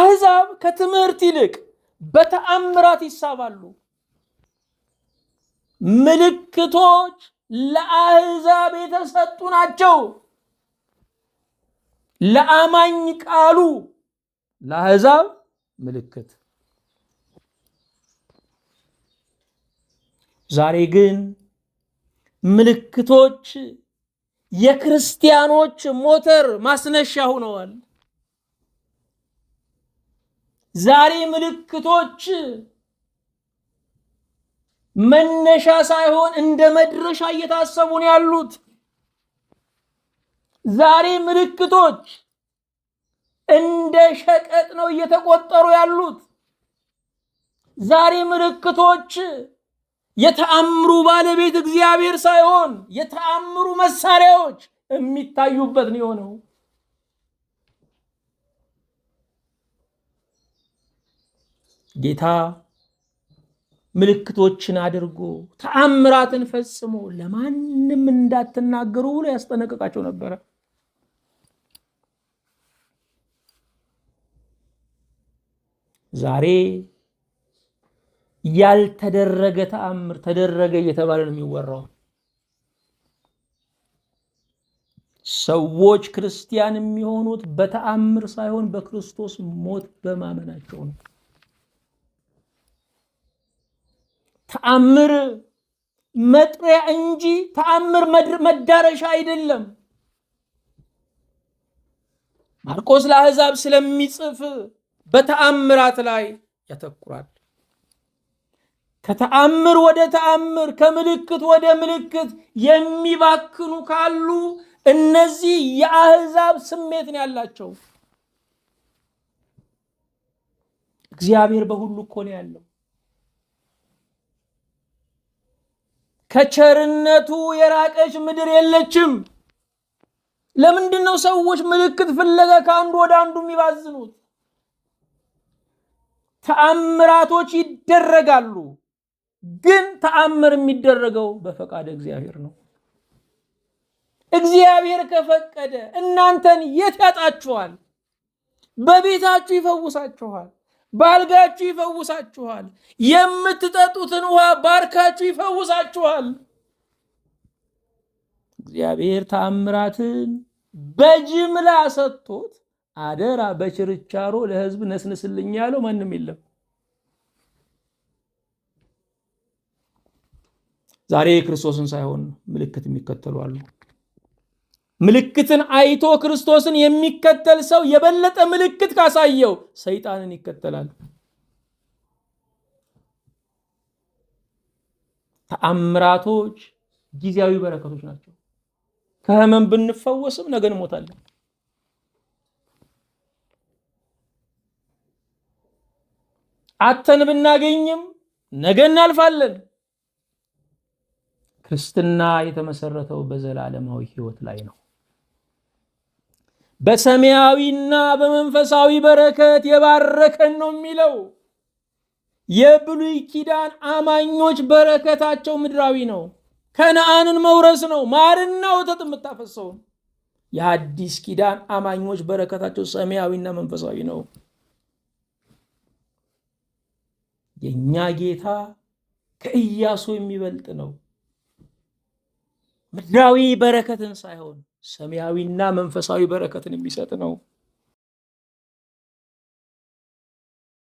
አሕዛብ ከትምህርት ይልቅ በተአምራት ይሳባሉ። ምልክቶች ለአሕዛብ የተሰጡ ናቸው። ለአማኝ ቃሉ ለአሕዛብ ምልክት። ዛሬ ግን ምልክቶች የክርስቲያኖች ሞተር ማስነሻ ሆነዋል። ዛሬ ምልክቶች መነሻ ሳይሆን እንደ መድረሻ እየታሰቡ ነው ያሉት። ዛሬ ምልክቶች እንደ ሸቀጥ ነው እየተቆጠሩ ያሉት። ዛሬ ምልክቶች የተአምሩ ባለቤት እግዚአብሔር ሳይሆን የተአምሩ መሳሪያዎች የሚታዩበት ነው የሆነው። ጌታ ምልክቶችን አድርጎ ተአምራትን ፈጽሞ ለማንም እንዳትናገሩ ብሎ ያስጠነቀቃቸው ነበረ። ዛሬ ያልተደረገ ተአምር ተደረገ እየተባለ ነው የሚወራው። ሰዎች ክርስቲያን የሚሆኑት በተአምር ሳይሆን በክርስቶስ ሞት በማመናቸው ነው። ተአምር መጥሪያ እንጂ ተአምር መዳረሻ አይደለም። ማርቆስ ለአሕዛብ ስለሚጽፍ በተአምራት ላይ ያተኩራል። ከተአምር ወደ ተአምር ከምልክት ወደ ምልክት የሚባክኑ ካሉ እነዚህ የአሕዛብ ስሜት ነው ያላቸው። እግዚአብሔር በሁሉ እኮ ነው ያለው። ከቸርነቱ የራቀች ምድር የለችም። ለምንድን ነው ሰዎች ምልክት ፍለጋ ከአንዱ ወደ አንዱ የሚባዝኑት? ተአምራቶች ይደረጋሉ፣ ግን ተአምር የሚደረገው በፈቃደ እግዚአብሔር ነው። እግዚአብሔር ከፈቀደ እናንተን የት ያጣችኋል? በቤታችሁ ይፈውሳችኋል። ባልጋችሁ ይፈውሳችኋል። የምትጠጡትን ውሃ ባርካችሁ ይፈውሳችኋል። እግዚአብሔር ታምራትን በጅምላ ሰጥቶት አደራ በችርቻሮ ለሕዝብ ነስንስልኝ ያለው ማንም የለም። ዛሬ የክርስቶስን ሳይሆን ምልክት የሚከተሉ አሉ። ምልክትን አይቶ ክርስቶስን የሚከተል ሰው የበለጠ ምልክት ካሳየው ሰይጣንን ይከተላል። ተአምራቶች ጊዜያዊ በረከቶች ናቸው። ከህመም ብንፈወስም ነገ እንሞታለን። አተን ብናገኝም ነገ እናልፋለን። ክርስትና የተመሰረተው በዘላለማዊ ህይወት ላይ ነው። በሰማያዊና በመንፈሳዊ በረከት የባረከን ነው የሚለው። የብሉይ ኪዳን አማኞች በረከታቸው ምድራዊ ነው። ከነአንን መውረስ ነው፣ ማርና ወተት የምታፈሰው። የአዲስ ኪዳን አማኞች በረከታቸው ሰማያዊና መንፈሳዊ ነው። የእኛ ጌታ ከኢያሱ የሚበልጥ ነው። ምድራዊ በረከትን ሳይሆን ሰማያዊና መንፈሳዊ በረከትን የሚሰጥ ነው።